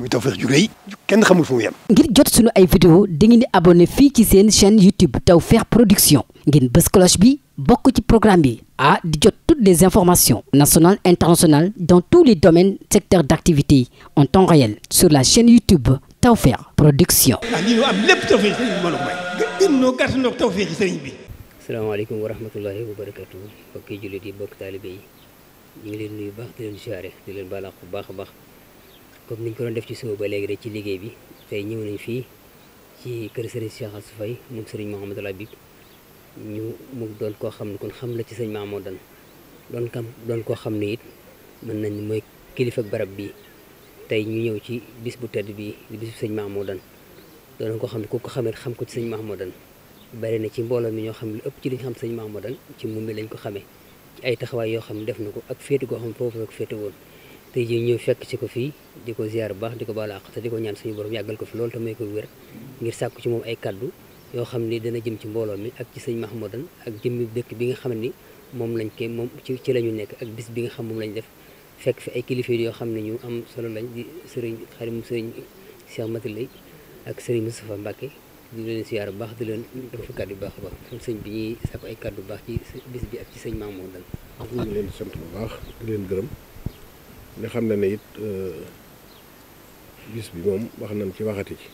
muy Tawfekh ju rëy kenn xamul fu mu yem. ngir jot sunu ay vidéo dangeen di abonné fii ci seen chaîne YouTube Tawfekh Production ngeen bës cloche bi bokk ci programme bi ah di jot toutes des informations nationales internationales dans tous les domaines secteurs d'activité en temps réel sur la chaîne YouTube Tawfekh Production. ah lii ñu am lépp Tawfekh sëriñ bi mbooloo mooy. gën gën ñoo gàtt ñoo Tawfekh sëriñ bi. asalaamaaleykum wa rahmatulahi wa barakatu mbokki jullit yi mbokki taalibe yi ñu ngi leen baax a baax. comme niñ ko doon def ci suba ba léegi rek ci liggéey bi tey ñëw nañ fii ci kër Serigne Cheikh Assou Faye moom Serigne Mouhamadou Habib ñu mu doon koo xam ne kon xam la ci sëñ Mamadou Dan doon kam doon koo xam ne it mën nañ mooy kilifa barab bi tey ñu ñëw ci bis bu tedd bi di bisu sëñ Mamadou Dan doon koo xam ne ku ko xamee xam ko ci sëñ Mamadou Dan bari na ci mbooloo mi ñoo xam ne ëpp ci li xam xam sëñ Mamadou Dan ci moom mi lañ ko xamee ci ay taxawaay yoo xam ne def na ko ak féete goo xam foofu la ko féete woon tey jii ñëw fekk ci ko fii di ko ziar bu baax di ko baal àq te di ko ñaan suñu borom yàggal ko fi loolu te may ko wér ngir sàkku ci moom ay kàddu yoo xam ni dana jëm ci mbooloo mi ak ci sëñ Mahmoudan ak jëmmi dëkk bi nga xam ni moom lañ koy moom ci ci la ñu nekk ak bis bi nga xam moom lañ def fekk fi ay kilifa yoo xam ne ñu am solo lañ di sëriñ xarim sëriñ Cheikh Matalay ak sëriñ Moustapha Mbacke di leen ziar bu baax di leen def kaddu bu baax a baax bi ñuy sàkku ay bu baax ci bis bi ak ci sëñ Mahmoudan. ñu ngi leen di sant bu baax di ne xam na ne it euh, bis bi moom wax nañ ci waxati ci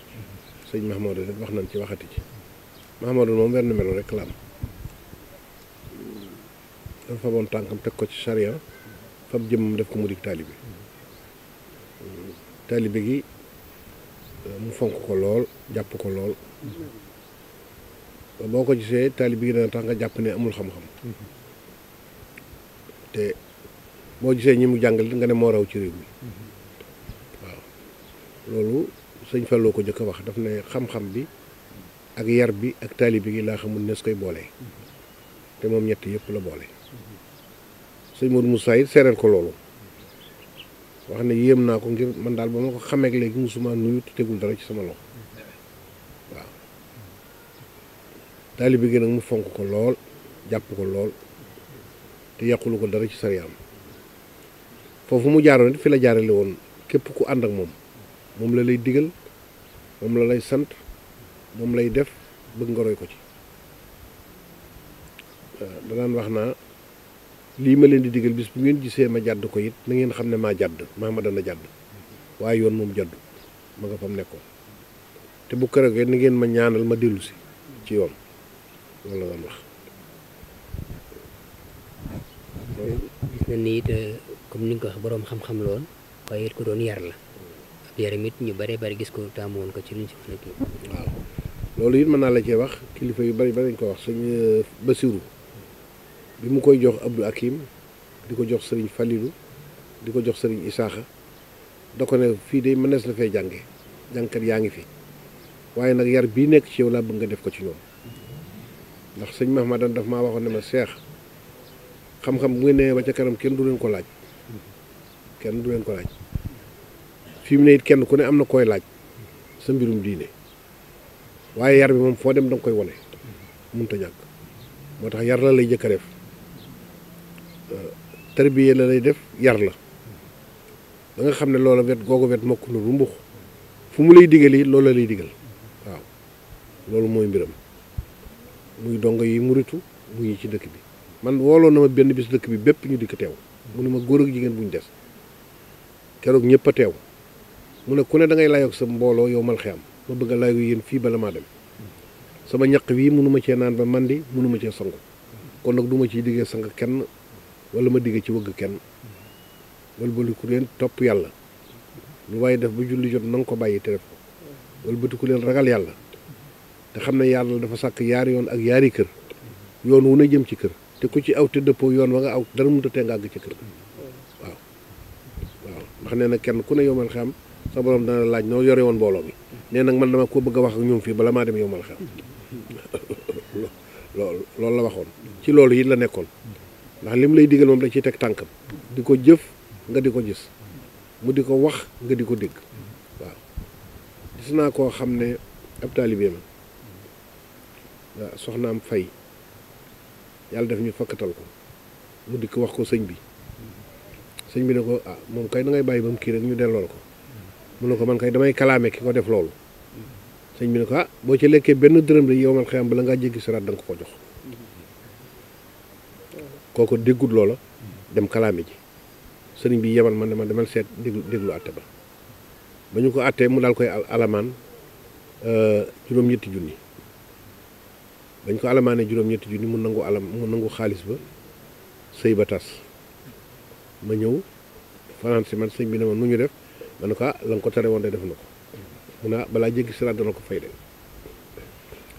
sëñ Mahamadou it wax nañ ci waxati ci Mahamadou moom wenn melo rek la am dafa tànkam teg ko ci charia fab jëmmam def ko mu dig taalibe taalibe gi euh, mu fonk ko lool jàpp ko lool boo ko gisee taalibe gi dana tax nga jàpp ne amul xam-xam mm-hmm. te boo gisee ñi mu jàngal nga ne moo raw ci réew mi waaw loolu sëñ Fallou ko njëkk a wax daf ne xam-xam bi ak yar bi ak taalibe gi laa xamul nees koy boole te moom ñett yëpp la boole sëñ Modou mu it seereel ko loolu wax ne yéem naa ko ngir man daal ba ma ko xamee léegi musuma nuyu te tegul dara ci sama loxo waaw taalibe gi nag mu fonk ko lool jàpp ko lool te yàqulu ko dara ci sariyaam foofu mu jaaroon it fi la jaarale woon képp ku ànd ak moom moom la lay digal moom la lay sant moom lay def bëgg nga roy ko ci euh, danaan wax naa lii ma leen di digal bis bu ngeen gisee ma jàdd ko it na ngeen xam ne maa jàdd maa ma dana jàdd waaye yoon moom jàddu ma nga fam nekkoon te bu këragee ni ngeen ma ñaanal ma dellusi ci yoon loolu la wax ni nga ko wax boroom xam-xam la woon waaye it ku doon yar la ab yaram it ñu bëree bëri gis ko taamu woon ko ci luñ si mën a waaw loolu it mën naa la cee wax kilifa yu bëri bëri nañ ko wax sëñ euh, Basiru bi mu koy jox Abdou Hakim di ko jox sëriñ Falilou di ko jox sëriñ Isaaxa da ko ne fii de mënees na fee jànge jàngkat yaa ngi fi waaye nag yar bii nekk ci yow laa bëgg nga def ko ci ñoom ndax sëñ Mahmadan daf maa waxoon ne ma seex xam-xam bu ngeen nee ba ca kanam kenn du leen ko laaj kenn du leen ko laaj fi mu ne kenn ku ne am na koy laaj sa mbirum diine waaye yar bi moom foo dem da koy wone mënut a ñàkk moo tax yar la lay jëkk a def euh, tarbiye la lay def yar la da xam ne loola wet googu wet mokk na rumbux fu mu lay digal yi loolu la lay digal waaw loolu mooy mbiram muy dongo yi muritu muy ci dëkk bi man wooloon na ma benn bis dëkk bi bépp ñu dikk teew mu ne ma góor ak jigéen bu ñu des keroog ñëpp a teew mu ne ku ne da ngay layoog sa mbooloo yow mal xiyam ma bëgg a layoog yéen fii bala maa dem sama ñaq wii mënuma cee naan ba mandi mënuma cee sangu kon nag duma ciy diggee sang kenn wala ma diggee ci wëgg kenn walbatiku leen topp yàlla lu waaye def ba julli jot na ko bàyyi te def ko walbatiku leen ragal yàlla te xam ne yàlla dafa sàkk yaari yoon ak yaari kër yoon wu ne jëm ci kër te ku ci aw te dëppoo yoon wa nga aw dara mënut a ci kër ndax nee na kenn ku ne yowmal xam sa borom dana laaj noo yore woon mbooloo mi nee nag man dama ko bëgg a wax ak ñoom fii bala maa dem yowmal xam loolu la waxoon ci loolu it la nekkoon ndax li lay digal moom da ciy teg tànkam di ko jëf nga di ko gis mu di ko wax nga di ko dégg waaw gis naa koo xam ne ab taalibe ma waaw soxnaam fay yàlla def ñu fakkatal ko mu di ko wax ko sëñ bi sëñ bi ne ko ah moom kay da ngay bàyyi ba mu kii rek ñu delloo ko mu ne ko man kay damay kalaame ki ko def loolu sëñ bi ne ko ah boo ci lekkee benn dërëm rek yow man xëyam la ngaa jéggi siraat da nga ko ko jox kooku déggut loola dem kalaame ji sëriñ bi yebal man ne man demal seet déglu déglu àtte ba ba ñu ko àttee mu daal koy alamaan euh, juróom-ñetti junni bañ ko alamaanee juróom-ñetti junni mu nangu alam mu nangu xaalis ba sëy ba tas ma ñëw fanaan si man sëñ bi ne ma nu ñu def ma ne ko ah la nga ko tere woon de def na ko mu ne ah, balaa si siraat dana ko fay de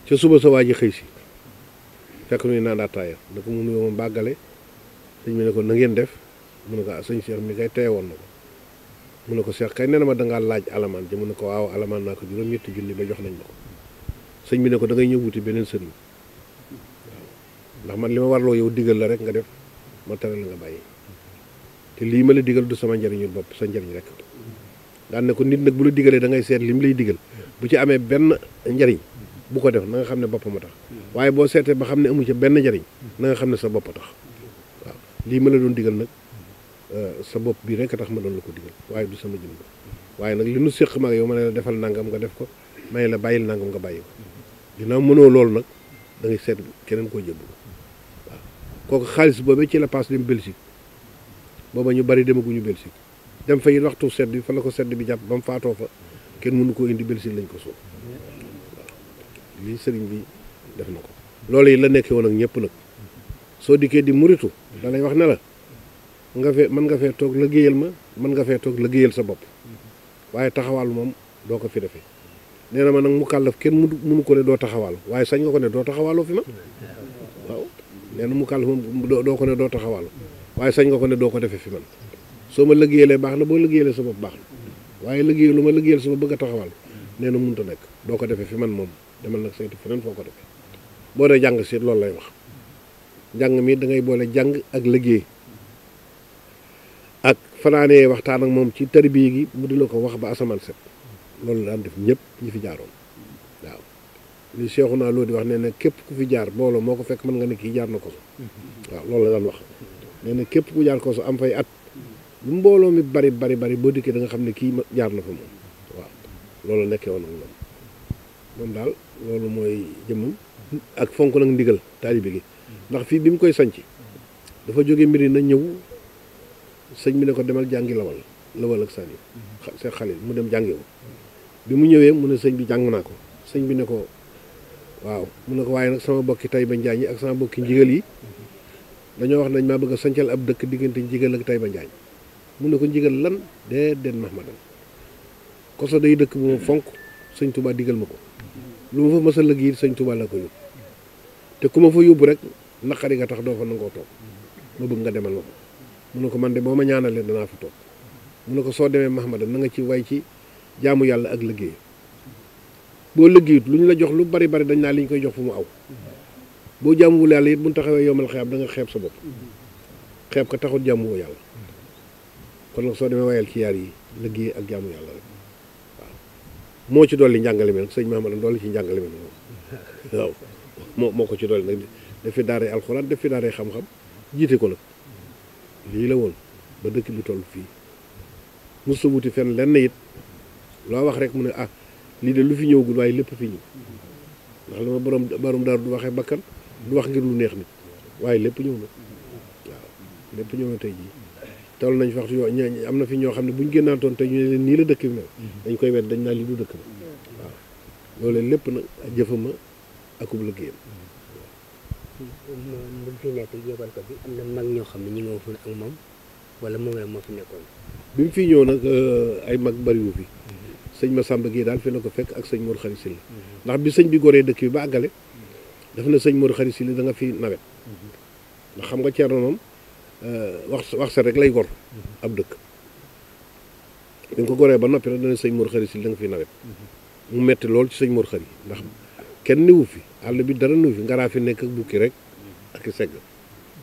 ca suba sa waa ji xëy si fekk nuy naan daa taaya ne ko mu bàggale sëñ bi ne ko na ngeen def mu ne ko ah sëñ Cheikh mi woon na mu ne ko Cheikh kay nee na ma dangaa laaj alamaan ji ko waaw alamaan naa ko juróom-ñetti junni jox nañ ko sëñ bi ne ko da ñëw wuti beneen sëriñ ndax man li ma warloo yow digal la rek nga def ma tere la nga bàyyi te lii ma la digal du sama njëriñu bopp sa njëriñ rek daan na ko nit nag bu la digalee da seet li mu lay digal bu ci amee benn njariñ bu ko def na nga xam ne boppam a tax waaye boo seetee ba xam ne amu ci benn njariñ na nga xam ne sa bopp a tax lii ma la doon digal nag euh, sa bopp bii rek tax ma doon la ko digal waaye du sama jëm waaye nag li nu séq ma yow ma ne la defal nangam nga def ko may la bàyyil nangam nga bàyyi ko ginnaaw mënoo loolu nag da seet keneen koo jëbb waaw xaalis boobee ci la passe dem Belgique booba ñu bari demaguñu Belgique dem fa yi waxtu sedd bi fa la ko sedd bi jàpp ba mu faatoo fa kenn mënu koo indi Belgique lañ ko suul waaw lii sëriñ bi def na ko loolu yi la nekkee woon ak ñëpp nag soo dikkee di muritu da lay wax ne la nga fee mën nga fee toog liggéeyal ma mën nga fee toog liggéeyal sa bopp waaye taxawaal moom doo ko fi defee nee na ma nag mu kàllaf kenn mënu ko ne doo taxawaal waaye sañ nga ko ne doo taxawaaloo fi ma waaw nee na mu kàllaf moom doo ko ne doo taxawaaloo waaye sañ nga ko ne doo ko defee fi man soo ma liggéeyalee baax na boo liggéeyalee sa bopp baax na waaye liggéey lu ma liggéeyal sama bëgg a taxawal nee na mënut a nekk doo ko defee fi man moom demal nag saytu feneen foo ko defee boo dee jàng si loolu lay wax jàng mi da ngay boole jàng ak liggéey ak fanaanee waxtaan ak moom ci tarbiya gi mu di la ko wax ba asamaan set loolu daan def ñëpp ñi fi jaaroon waaw li seexu naa loo di wax ne ne képp ku fi jaar booloo moo ko fekk mën nga ne kii jaar na ko waaw loolu la daan wax nee na képp ku jaar Kosso am fay at lu mbooloo mi bari bari bari boo dikkee da xam ne kii ma jaar na fa moom waaw loolu nekkee woon ak moom daal loolu mooy jëmmam ak fonk nag ndigal taalibe gi ndax fii bi mu koy sanc dafa jóge mbiri na ñëw sëñ bi ne ko demal jàngi lawal lawal ak sànni seen xalil mu dem jàngi bi mu ñëwee mu ne sëñ bi jàng naa ko sëñ bi ne ko waaw mun ne ko waaye nag sama bokki tay ba njaañ yi ak sama bokki njigal yi dañoo wax nañ maa bëgg a ab dëkk diggante Njigal ak Taïba Njaañ mun ne ko Njigal lan dee den Mahmadan koso day dëkk bu ma fonk sëñ Touba digal ma ko lu ma fa mës a liggéey sëñ Touba la ko yóbbu te ku ma fa yóbbu rek naqari nga tax doo fa nangoo toog ma bëgg nga demal ma mun ne ko man de boo ma ñaanalee danaa fa toog mun ne ko soo demee Mahmadan na nga ci way ci jaamu yàlla ak liggéey boo liggéeyut lu ñu la jox lu bari bari dañ naa li koy jox fu mu aw boo jaamuwul yàlla it bu taxawee yomal xeeb da nga xeeb sa bopp xeeb ko taxul jaamuwoo yàlla kon nag soo demee wayal ci yaar yi liggéey ak jàmm yàlla rek moo ci dool li mi nag sëñ Mahamadou dolli ci njàngale mi moom waaw moo ko ci dolli nag daf fi daaree alxuraan daf fi daaree xam-xam jiite ko nag lii la woon ba dëkk bi toll fii mosu wuti fenn lenn it loo wax rek mu ne ah lii de lu fi ñëw ñëwagul waaye lépp fi ñëw ndax la ma borom borom daaru du waxee bakkan lu wax ngir lu neex nit waaye lépp ñëw na waaw lépp ñëw na tey jii toll nañ wax yoo am na fi ñoo xam ne bu ñu génnaatoon tey ñu ne leen nii la dëkk bi mm-hmm. dañ koy wet dañ naa li du dëkk bi waaw lépp nag jëfama akub liggéeyam moom mm-hmm. mag ñoo xam ne ñu ngi woon ak wala moom moo fi nekkoon. bi mu fi ñëw nag euh, ay mag bariwu fi mm-hmm. sëñ Massamba gi daal fi na ko fekk ak sëñ Mor Khary Sylla ndax bi sëñ bi goree dëkk bi ba àggale dafa na sëñ Modou Khary Sylla da nga fi nawet mhm. ndax xam nga Thierno moom euh, wax wax sa rek lay gor mhm. ab dëkk bi ko goree ba noppi rek dana sëñ Modou Khary Sylla da nga fi nawet mhm. mu metti lool ci sëñ Modou Khary ndax kenn niwu fi àll bi dara niwu fi ngaraa fi nekk ak bukki rek ak i segg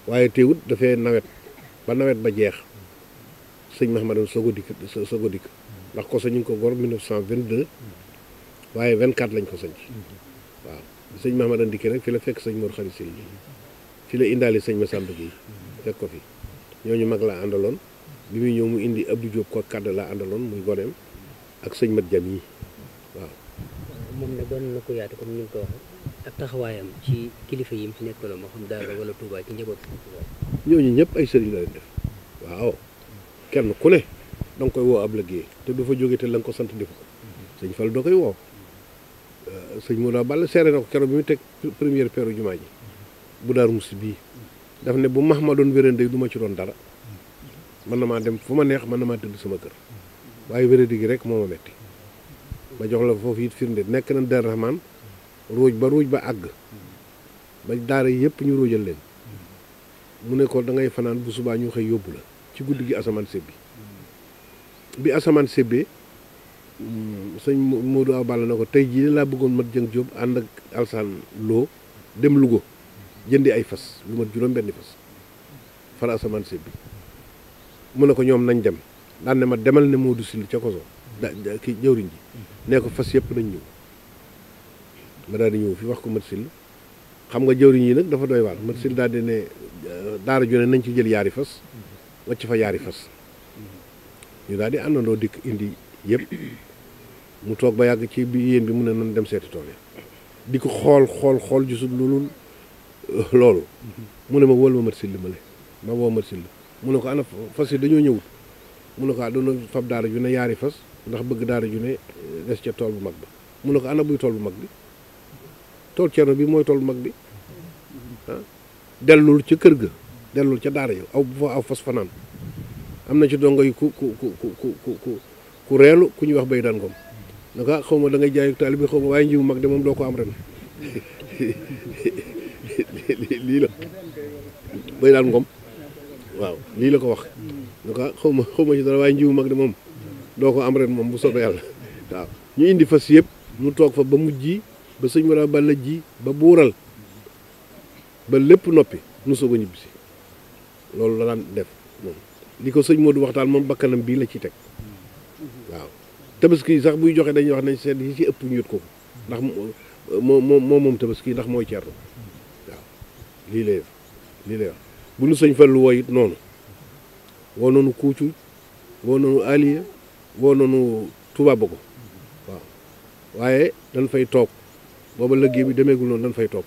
waaye teewut dafee nawet ba nawet ba jeex sëñ Mahamadan soog a dikk soog a dikk ndax ko sa ñu ngi ko vingt 1922 waaye 24 lañ ko sañ waaw sëñ Mahamadan Ndike nag fi la fekk sëñ Mor Khary Seye fi la indaale sëñ ma Gueye fekk ko fi ñooñu mag laa àndaloon bi muy ñëw mu indi Abdou Diop ko kàdd àndaloon muy goneem ak sëñ Mat Jam yi waaw. moom ne doon na taxawaayam ci kilifa yi mu fi nekkaloon ma xam daara wala Touba ci ñooñu ñëpp ay sëriñ la leen def waaw kenn ku ne da koy woo ab liggéey te du fa jóge te la ko sant di ko sëñ Fall doo koy woo. sëñ Moussa Balla seere na ko keroog bi mu teg première peeru jumaa ji bu Daaru Muxti bii daf ne bu max ma doon wérandé du ma ci doon dara mën na maa dem fu ma neex mën na maa tëdd sama kër waaye wérandé gi rek moo ma metti ba jox la foofu it firnde nekk na Daaru Rahmaan ruuj ba ruuj ba àgg ba daara yëpp ñu ruujal leen mu nekkoo ko da ngay fanaan bu subaa ñu xëy yóbbu la ci guddi gi asamaan sébbi bi asamaan sébbee Mm, sëñ Modou Awa Balla na ko tey jii laa bëggoon mat jën Jóob ànd ak alsaan loo dem Louga jëndi ay fas lu mat juróom-benni fas far asamaan bi mu ne ko ñoom nañ dem daan ne ma demal ne Modou Syll ca koso da ki jëwriñ ji nee ko fas yëpp nañ ñëw ma daan di ñëw fi wax ko mat Syll xam nga jëwriñ yi nag dafa dooy waar mat Syll daal di ne euh, daara ju ne nañ ci jël yaari fas wàcc fa yaari fas ñu daal di àndandoo dikk indi yëpp mu toog ba yàgg ci bi yéen bi mu ne nan dem seeti tool yi di ko xool xool xool gisul loolu euh, loolu mu ne ma wóol ma mat sill ma le ma woo mat sill mu ne ko ana fas yi dañoo ñëwut mu ne ko ah, ne yaari fas ndax bëgg daara ju ne euh, des tool bu mag mu ko ana buy tool bu mag bi tool ceerno bi mooy tool bu mag bi ah dellul ca kër ga dellul ca daara yi aw bu fas fanaan am na ci dongo yi ku ku ku ku ku ku reelu ku ñuy wax bay daan ngoom xaw ma da ngay jaay taali bi xaw ma waaye njiw mag de moom ko am ren lii la bay daan ngoom waaw lii la ko wax naka xaw ma xaw ma ci dara waaye njiw mag de moom doo ko am ren moom bu sobee yàlla waaw ñu indi fas yépp mu toog fa ba mu ji ba sëñ wala ba la ji ba buural ba lépp noppi nu soo a ñibbisi loolu la daan def moom li ko sëñ Modou waxtaan moom bakkanam bii la ci teg tabaski sax buy joxe dañuy wax nañ seet yi ci ëpp ñu yut ko ndax moo moom moom tabaski ndax mooy ceerno waaw lii lay lii bu ñu sëñ Fallu woo it noonu woo noonu kuucu woo noonu aliya woo noonu Tuubaa Bogo waaw waaye dañ fay toog booba liggéey bi demeegul noonu dañ fay toog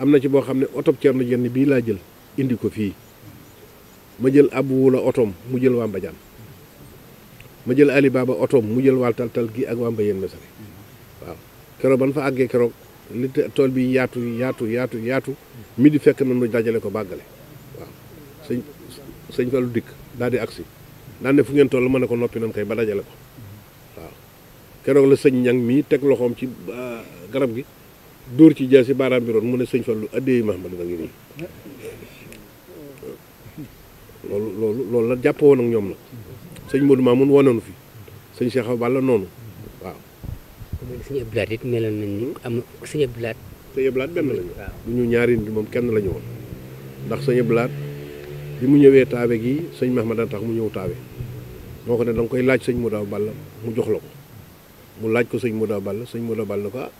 am na ci boo xam ne otob ceerno jenn bii laa jël indi ko fii ma jël ab wula otoom mu jël waa Mbadiane ma jël Ali Baba otoom mu jël wàll tal-tal gi ak waa Mbayeen Mesere waaw keroog ban fa àggee keroog li tool bi yaatu yaatu yaatu yaatu mi di fekk na nu dajale ko bàggale waaw sëñ sëñ Fallou dikk daal di agsi daan ne fu ngeen toll ma ne ko noppi nan kay ba dajale ko waaw keroog la sëñ ñang mii teg loxoom ci garab gi dóor ci jaasi baaraam bi roon mu ne sëñ Fallou addee Mahamad ma ngi nii loolu loolu la jàppoo woon ak ñoom la sëñ Modou Mamoun wonoonu fi sañ Cheikh Awa Balla noonu waaw. ku mel ni sëñ Abdoulaat it meloon nañ ni ñu ñaari nit moom kenn lañu woon ndax sëñ Abdoulaat bi mu ñëwee taabe gi sëñ Mahmadan tax mu ñëw taabe moo ko ne da nga koy laaj sëñ Modou Awa Balla mu jox la ko mu laaj ko sëñ Modou Awa Balla sëñ Modou Awa Balla ko ah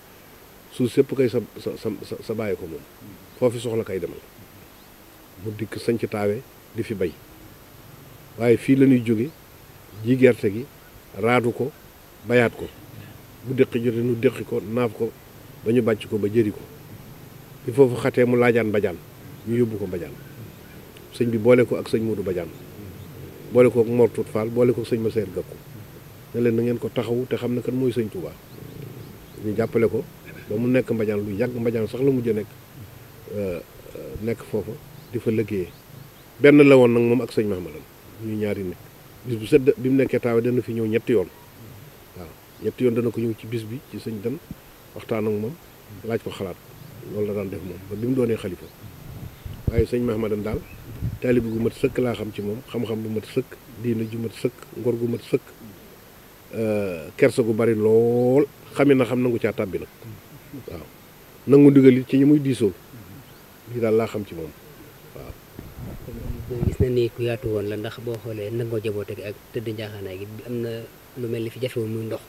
suuf sépp kay sa sa sa sa bàyyi ko moom foofu soxla kay demal mu dikk sañ ci taawe di fi bay waaye fii la ñuy jóge ji gerte gi raadu ko bayaat ko bu dëqi jote nu dëqi ko naaf ko ba ñu bàcc ko ba jëri ko bi foofu xatee mu laajaan bajaan ñu yóbbu ko bajaan sëñ bi boole ko ak sëñ Modou Badiane boole ko ak Mor Tout boole ko ak sëñ Masseer ko ne leen na ngeen ko taxawu te xam ne kan mooy sëñ Touba ñu jàppale ko ba mu nekk Mbadiane lu yàgg Mbadiane sax la mujj nekk euh, euh, nekk foofa di fa liggéeyee benn la woon nag moom ak sëñ Mahamadan ñu ñaari nit bis bu sedd bi mu nekkee taawe dana fi ñëw ñetti yoon waaw ñetti yoon dana ko ñëw ci bis bi ci sëñ Dan waxtaan ak moom laaj ko xalaat loolu la daan def moom ba bi mu doonee xalifa waaye sëñ Mahamadan daal taalibe gu mat sëkk laa xam ci moom xam-xam bu mat sëkk diine ju mat sëkk ngor gu mat sëkk euh, kersa gu bari lool xamee na xam nangu caa tàbbi nag waaw nangu ndigal it ci yi muy diisoo lii daal laa xam ci moom na ni ku yaatu woon la ndax boo xoolee nangoo jaboote gi ak tëdd njaaxaanaay bi am na lu mel ni fi jafe woon muy ndox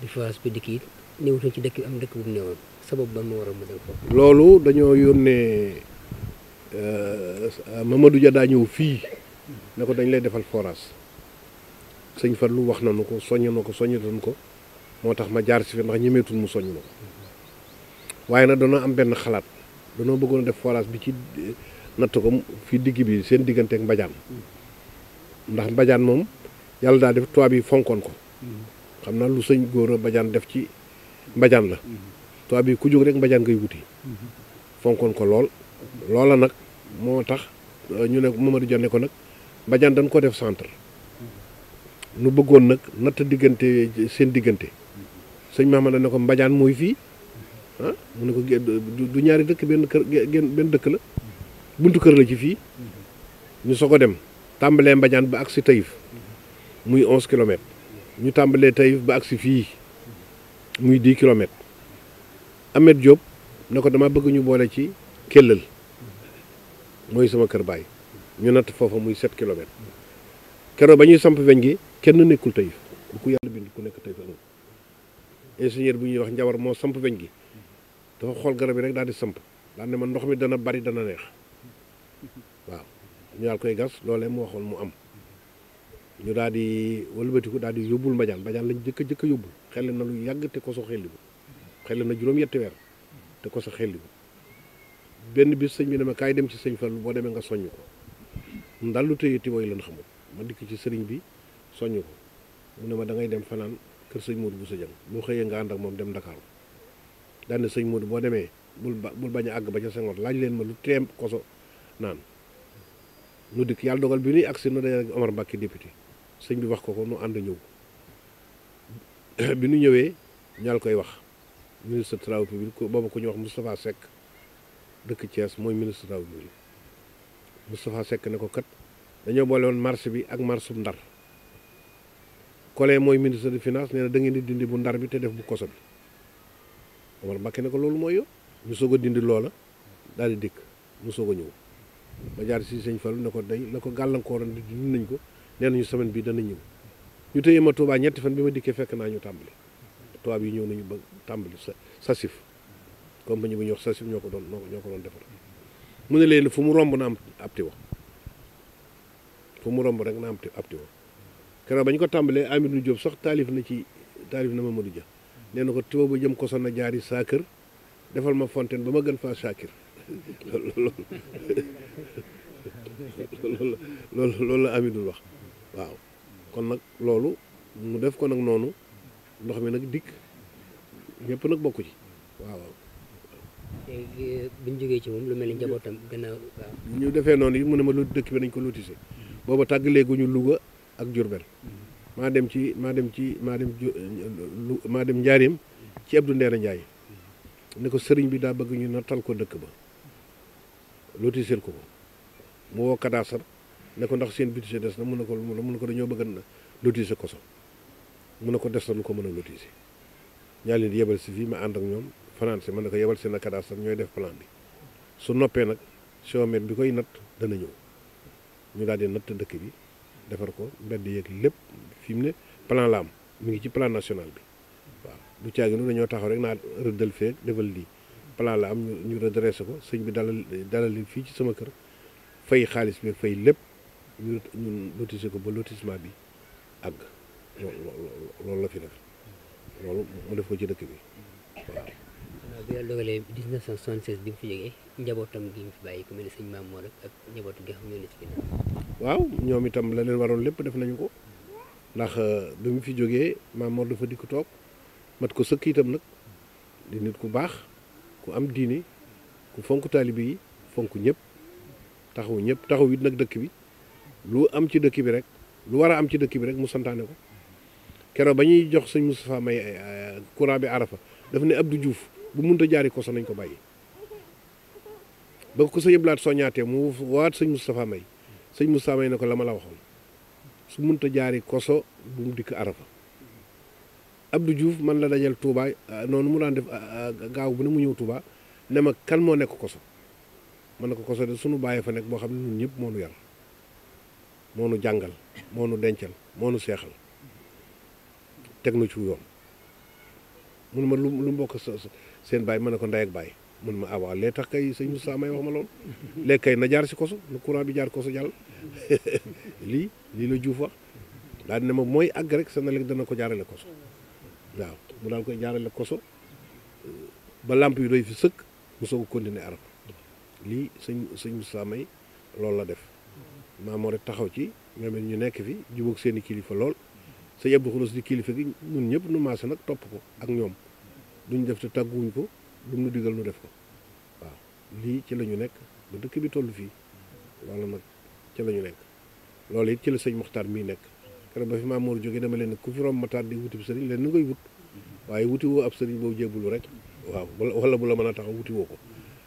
di forage public yi néewutoon ci dëkk bi am dëkk bu mu néewoon sabab ban moo war a dem foofu. loolu dañoo yónnee euh, Mamadou Dia daa ñëw fii na ko dañ lay defal forage sëñ lu wax nañu ko soññ na ko soññatoon ko moo tax ma jaar si fi ndax ñemeetul mu soññ na ko waaye na danoo am benn xalaat danoo bëggoon def forage bi ci. natt ko fi digg bi seen digganteeg mbajaan ndax mbajaan moom yàlla daa def tubaab yi fonkoon ko xam naa lu sëñ góor a mbajaan def ci mbajaan la tubaab bi ku jóg rek mbajaan ngay wuti fonkoon ko lool loola nag moo tax euh, ñu ne Mamadou Dia ne ko nag mbajaan dañ koo def centre nu bëggoon nag natt diggante seen diggante sëñ na ne ko mbajaan mooy fii ah mu ne ko du ñaari dëkk benn kër benn dëkk la buntu kër la ci fii ñu soog a dem tàmbalee Mbadiane ba ak si muy onze kilomètres ñu tàmbalee Taïf ba ak fii muy dix kilomètres Ahmed Diop na ko dama bëgg ñu boole ci Kellal mooy sama kër baay ñu natt foofa muy sept kilomètres keroog ba ñuy samp weñ gi kenn nekkul Taïf bu ku yàlla bind ku nekk Taïf amul ingénieur bu ñuy wax njawar moo samp weñ gi dafa xool garab yi rek daal di samp daal ne man ndox mi dana bari dana neex ñu daal koy gas loolee mu waxoon mu am ñu daal di wëlbatiku daal di yóbbul Mbadiane Mbadiane lañ jëkk a jëkk a yóbbul na lu yàgg te koso xel bu xel na juróom weer te koso xel bu benn bis sëñ bi ne ma kaay dem ci sëñ falu boo demee nga soññ ko ndal lu tëye tiwo yi ma dikk ci sëriñ bi soññ ko mu ne ma da ngay dem fanaan kër sëñ Modou Bousso Dieng boo xëyee nga ànd ak moom dem Dakar daan sëñ Modou boo demee bul ba bul bañ a àgg ba ca Senghor laaj leen ma lu teem koso naan nu dikk yàlla dogal bi nuy agsi nu daje ak Omar Mbacke député sëñ bi wax ko ko nu ànd ñëw bi nu ñëwee ñaal koy wax ministre des travaux publics boobu ko ñu wax Moustapha sekk dëkk Thiès mooy ministre des travaux publics Moustapha Seck ne ko kat dañoo boole woon marché bi ak marché bu ndar Collé mooy ministre de finance nee na di dindi bu ndar bi te def bu koso bi Omar Mbacke ne ko loolu mooy yow ñu soog a dindi loola daal di dikk mu soog a ñëw ba jaar si sëñ Fallu na ko day na ko gàllankooroon di dund nañ ko nee ñu semaine bi dana ñëw ñu téye ma Touba ñetti fan bi ma dikkee fekk naa ñu tàmbali tubaab yi ñëw nañu ba tàmbali sa sasif compagnie bu ñuy wax sasif ñoo ko doon ñoo ko doon defar mu ne leen fu mu romb na am ab tiwa fu mu romb rek na am ab tiwa keroog ba ñu ko tàmbalee Amidou Diop sax taalif na ci taalif na Mamadou Dia nee na ko tiwa ba jëm koson na jaari saa kër defal ma fontaine ba ma gën faa saakir loolu loolu loolu la Amidou wax waaw kon nag loolu mu def ko nag noonu ndox mi nag dikk ñëpp nag bokku ci waaw. léegi jógee ci moom lu mel waaw. ñu defee noonu yi mu ne ma lu dëkk bi nañ ko lotissé booba tàggaleeguñu Louga ak Diourbel maa dem ci maa dem ci maa dem maa dem Njaareem ci Abdou Ndeera Ndiaye ne ko sëriñ bi daa bëgg ñu nattal ko dëkk ba. lotisel ko ko mu woo cadastre ne ko ndax seen budget des na mun na ko mun na ko dañoo bëgg na lotiser ko sax mun na ko des na lu ko mën a lotiser ñaa leen yebal si fii ma ànd ak ñoom fanaan si mën na ko yebal seen a cadastre ñooy def plan bi su noppee nag géomètre bi koy natt dana ñëw ñu daal di dëkk bi defar ko mbedd yeeg lépp fi mu ne plan la am mu ngi ci plan national bi waaw bu caagi nu dañoo taxaw rek naa rëddal fee defal lii plan la am ñu redressé ko sëñ bi dalal dalal leen fii ci sama kër fay xaalis bi fay lépp ñu ñun ko ba lotissement bi àgg loolu la fi def loolu mu def ko ci dëkk bi waaw. waaw bi yàlla dogalee bi fi jógee njabootam gi mu fi bàyyi ku mel ne sëñ Maam Mor xam ñoo ne ci waaw ñoom itam la leen waroon lépp def nañu ko ndax du euh, mu fi jógee Maam Mor dafa dikk toog mat ko sëkk itam nag di nit ku baax. ku am diine ku fonk taalibe yi fonk ñëpp taxaw ñëpp taxaw it nag dëkk bi lu am ci dëkk bi rek lu war a am ci dëkk bi rek mu santaane ko keroog ba ñuy jox sëñ Moustapha May courant bi arafa daf ne Abdou Diouf bu munta jaari koso nañ ko bàyyi ba ko sa yëblaat soññaatee mu waat sëñ Moustapha May sëñ Moustapha May ne ko la ma la waxoon su munta jaari koso bu mu dikk arafa Abdou Diouf man la dajal Touba euh, noonu mu daan def euh, euh, gaaw bu ne mu ñëw Touba ne ma kan moo nekk koso man na ko koso de sunu bàyyi fa nekk boo xam ne ñun ñëpp moo nu yar moo nu jàngal moo nu dencal moo nu seexal teg na ci yoon mun ma lu lu mbokk sa seen bàyyi ma ne ko ndey ak ma ah tax kay sëñ Moussa may ma loolu léegi kay na jaar si koso na courant bi jaar koso jàll lii lii la Diouf wax daal ne ma mooy àgg rek sa na léegi dana ko jaarale koso waaw mu daan koy jaarale koso ba làmp yi doy fi sëkk mu soog a continuer arab lii sëñ sëñ Moussa May loolu la def maamoo rek taxaw ci ñoom ñu nekk fi jubóog seen i kilifa lool sëñ Abdou Xulos di kilifa gi ñun ñëpp nu maase nag topp ko ak ñoom duñ def si tàgguwuñ ko lu mu nu digal nu def ko waaw lii ci lañu nekk ba dëkk bi toll fii loolu nag ci la ñu nekk loolu it ci la sëñ Moxtaar mii nekk keroog ba fi Mamour jógee dama leen ku fi romb Matar di wuti sëriñ leen ni ngay wut waaye wuti woo ab sëriñ boobu jébbalu rek waaw wala bu la mën a taxaw wuti woo ko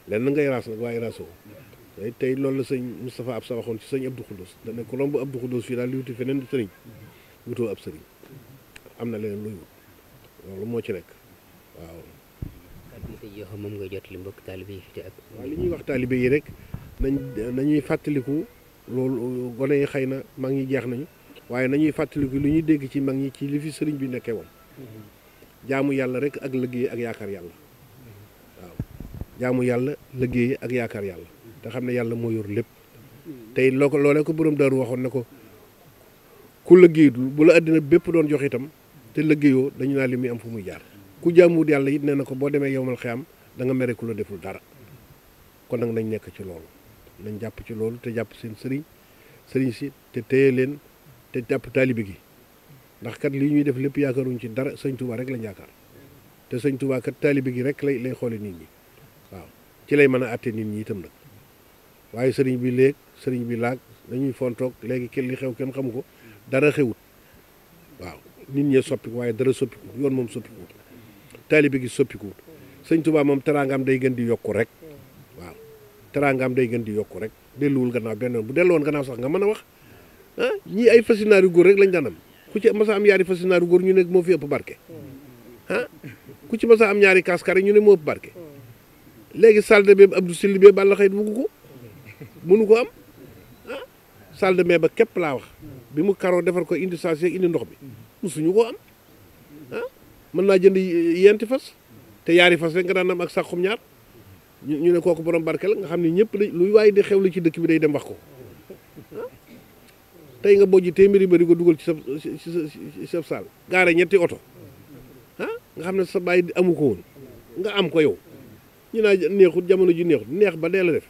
leen na ngay raas nag waaye raasoo tey tey loolu la sëñ Moustapha Absa waxoon ci sëñ Abdou Khoudous da ne ku romb Abdou Khoudous fii daal di wuti feneen sëriñ wutoo ab sëriñ am na leneen luy wut loolu moo ci nekk waaw. waaw moom nga jot li mbokk taalibe yi fi ak. waaw li ñuy wax taalibe yi rek nañ nañuy fàttaliku loolu gone yi xëy na mag ñi jeex na waaye nañuy fàttaliku lu ñuy dégg ci mag ñi ci li fi sëriñ bi nekkee woon mhm. jaamu yàlla rek ak liggéey ak yaakaar yàlla waaw jaamu yàlla liggéey ak yaakaar yàlla te xam ne yàlla moo yor lépp mhm. tey loo ko ko borom daaru waxoon ne ko ku liggéeyul bu la àddina bépp doon jox itam te liggéeyoo dañu naa li am fu muy jaar ku jaamuwut yàlla it nee na ko boo demee yowmal xiyaam da nga mere la deful dara kon nag nañ nekk ci loolu nañ jàpp ci loolu te jàpp seen sëriñ sëriñ si te téye leen te jàpp taalibe gi ndax kat li ñuy def lépp yaakaaruñ ci dara sëñ Touba rek lañ yaakaar te sëñ Touba kat gi rek lay lay xoole nit ñi waaw ci lay mën a àtte nit ñi itam nag waaye sëriñ bi léeg sëriñ bi laag dañuy fontoog léegi kenn li xew kenn xamu ko dara xewut waaw nit ñi soppiku waaye dara soppikuwut yoon moom soppikuwut taalibe gi soppikuwut sëñ Touba moom teraangaam day gën di yokku rek waaw teraangaam day gën di yokk rek delluwul gannaaw benn bu delloon gannaaw sax nga mën a wax ah ñii ay fasinaaru góor rek lañ daan am ku ci masa am yaari fasinaaru góor ñu nekk moo fi ëpp barke ah, ku ci masa am ñaari kaaskare ñu ne moo ëpp barke léegi salde bee Abdou Sili bee Balla xëy ko am ah, salde mais ba képp laa wax bi mu karoo defar ko indi saasi indi ndox bi koo am ah mën naa jënd yenti fas te yaari fas rek nga daan am ak sàqum ñaar ñu ne kooku borom barke la nga xam ne ñëpp lu waaye di xew la ci dëkk bi day dem wax ko tey nga bojj téeméeri bari ko dugal ci sa ci sa saal gaare ñetti oto ah nga xam ne sa bàyyi amu ko woon nga am ko yow ñu naa neexut jamono ji neexut neex ba dee la def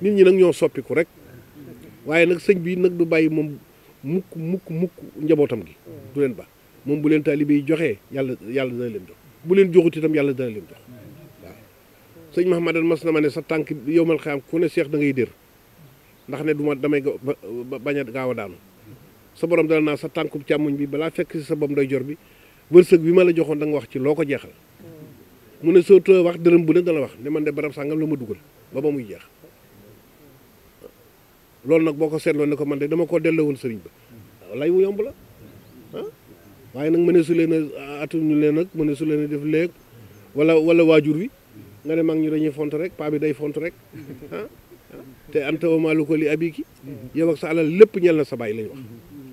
nit ñi nag ñoo soppiku rek waaye nag sëñ bi nag du bàyyi moom mukk mukk mukk njabootam gi du leen ba moom bu leen taalibe yi joxee yàlla yàlla dana leen jox bu leen joxut itam yàlla dana leen jox waaw sëñ Mahamadan mas na ma ne sa tànk yow mal xam ku ne seex da ngay dér ndax ne du ma ba bañ a gaaw a daanu sa borom dal naa sa tànku càmmuñ bi balaa fekk si sa bom day jor bi wërsëg bi ma la joxoon da nga wax ci loo ko jeexal mu ne soo too wax dërëm bu ne dala wax ne man de barab sàngam la ma dugal ba ba muy jeex loolu nag boo ko seetloo ne ko man de dama koo delloo woon sëriñ ba lay wu yomb la ah. waaye nag mëne su leen a atum ñu leen nag mëne su leen a def léeg wala wala waajur wi nga ne mag ñu dañuy font rek paa bi day font rek ah. te am ta omaalu ko li abiki yow ak sa alal lépp ñel na sa baay lañ wax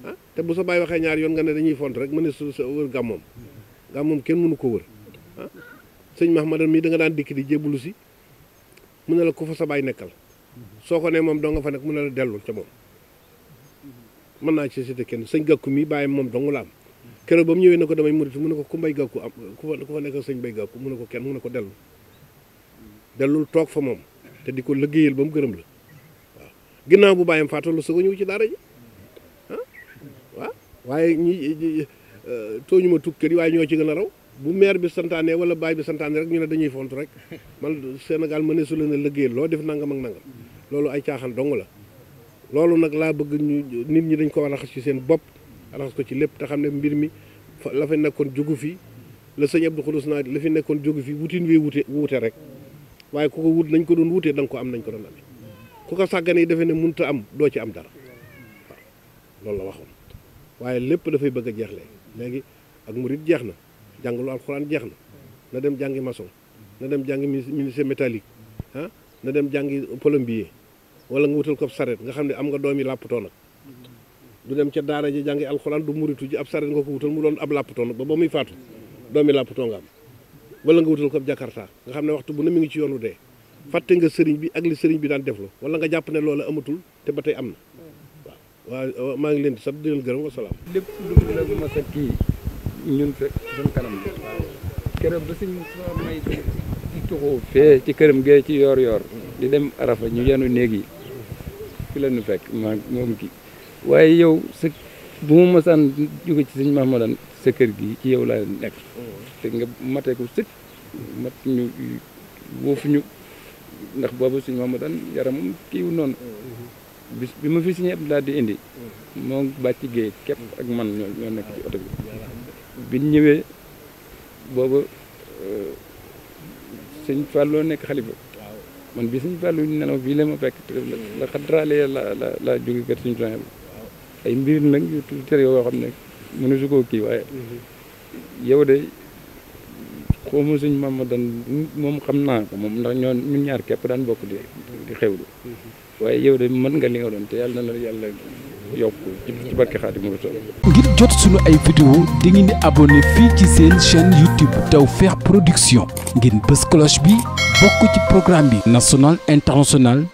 ah te bu sa baay waxee ñaar yoon nga ne dañuy font rek mën na su sa wër gàmmoom kenn mënu ko wër ah sëñ Mahamadan mii danga daan dikk di jébbalu si mu ne la ku fa sa baay nekkal soo ko nee moom doo fa nekk mu ne la ca moom mën naa ci cité kenn sëñ gàkku mii bàyyi moom dong la am keroog ba mu ñëwee na ko damay murit mun ne ko ku mbay gàkku am ku fa ku fa nekk sëñ bay gàkku mu ne ko kenn mu ne ko dellul dellul toog fa moom te di ko liggéeyal ba mu gërëm la waaw ginnaaw bu bàyyam faatu la soog a ñëw ci daara ji ah waaw waaye ñi euh, tooñu ma tukkër yi waaye ñoo ci gën a raw bu meer bi santaane wala baay bi santaane rek ñu ne dañuy font rek man Sénégal ma ne su leen a liggéeyal loo def nangam ak nangam loolu ay caaxaan dong la loolu nag laa bëgg ñu nit ñi dañ ko raxas ci seen bopp raxas ko ci lépp te xam ne mbir mi la fa nekkoon jógu fi la sëñ Abdou Khoudous naa la fi nekkoon jógu fi wutin wee wute wuute rek waaye ku ko wut nañ ko doon wutee da nga ko am nañ ko doon amee ku ko sàgganee defe ne mun a am doo ci am dara waaw loolu la waxoon waaye lépp dafay bëgg a jeex léegi léegi ak murit jeex na jàngalu alxuraan jeex na na dem jàngi maçon na dem jàngi menuisier métallique ah na dem jàngi plombier wala nga wutal ko saret nga xam ne am nga doom yi làppatoo nag du dem ca daara ji jàngi alxuraan du muritu ji ab saret nga ko wutal mu doon ab làppatoo nag ba ba muy faatu doom yi làppatoo nga am wala nga wutal ko ab jakarta nga xam ne waxtu bu ne mu ngi ci yoonu dee fàtte nga sëriñ bi ak li sëriñ bi daan deflu wala nga jàpp ne loolu amatul te ba tey am na waaw maa ngi leen di sab di leen gërëm wasalaam lépp lu mu kanam la ba suñ ci këram gee ci yoor yoor di dem arafa ñu yenu néeg yi fi la fekk moom kii waaye yow sa bu ma masaan jóge ci sëñ Mahamadan sa kër gi ci yow laa nekk te nga matee ko sëkk mat ñu woofu ndax boobu suñu Mamadou yaramam yaram wu noonu mm-hmm. bi ma fi suñu laa di indi mm-hmm. moo bàcc géey képp ak man ñoo ñoo nekk ci oto bi biñ ñëwee booba euh, sëñ Fallou nekk xalifa man bi sëñ Fallou ñu nelaw bii la ma fekk la mm-hmm. xadraale la la la jóge kër suñu tool ay mbir nag yu tuuti tere yoo xam ne mënu su koo kii waaye yow de xaw ma suñ ma daan moom xam naa ko moom ndax ñoo ñun ñaar képp daan bokk di di xewlu mm-hmm. waaye yow de mën nga li nga doon te yàlla na la yàlla yokk ci barke Xaadimu Rasuul ngir jot suñu ay vidéo di ngeen di abonné fii ci seen chaîne YouTube Tawfekh Production ngeen bës cloche bi bokk ci programme bi national international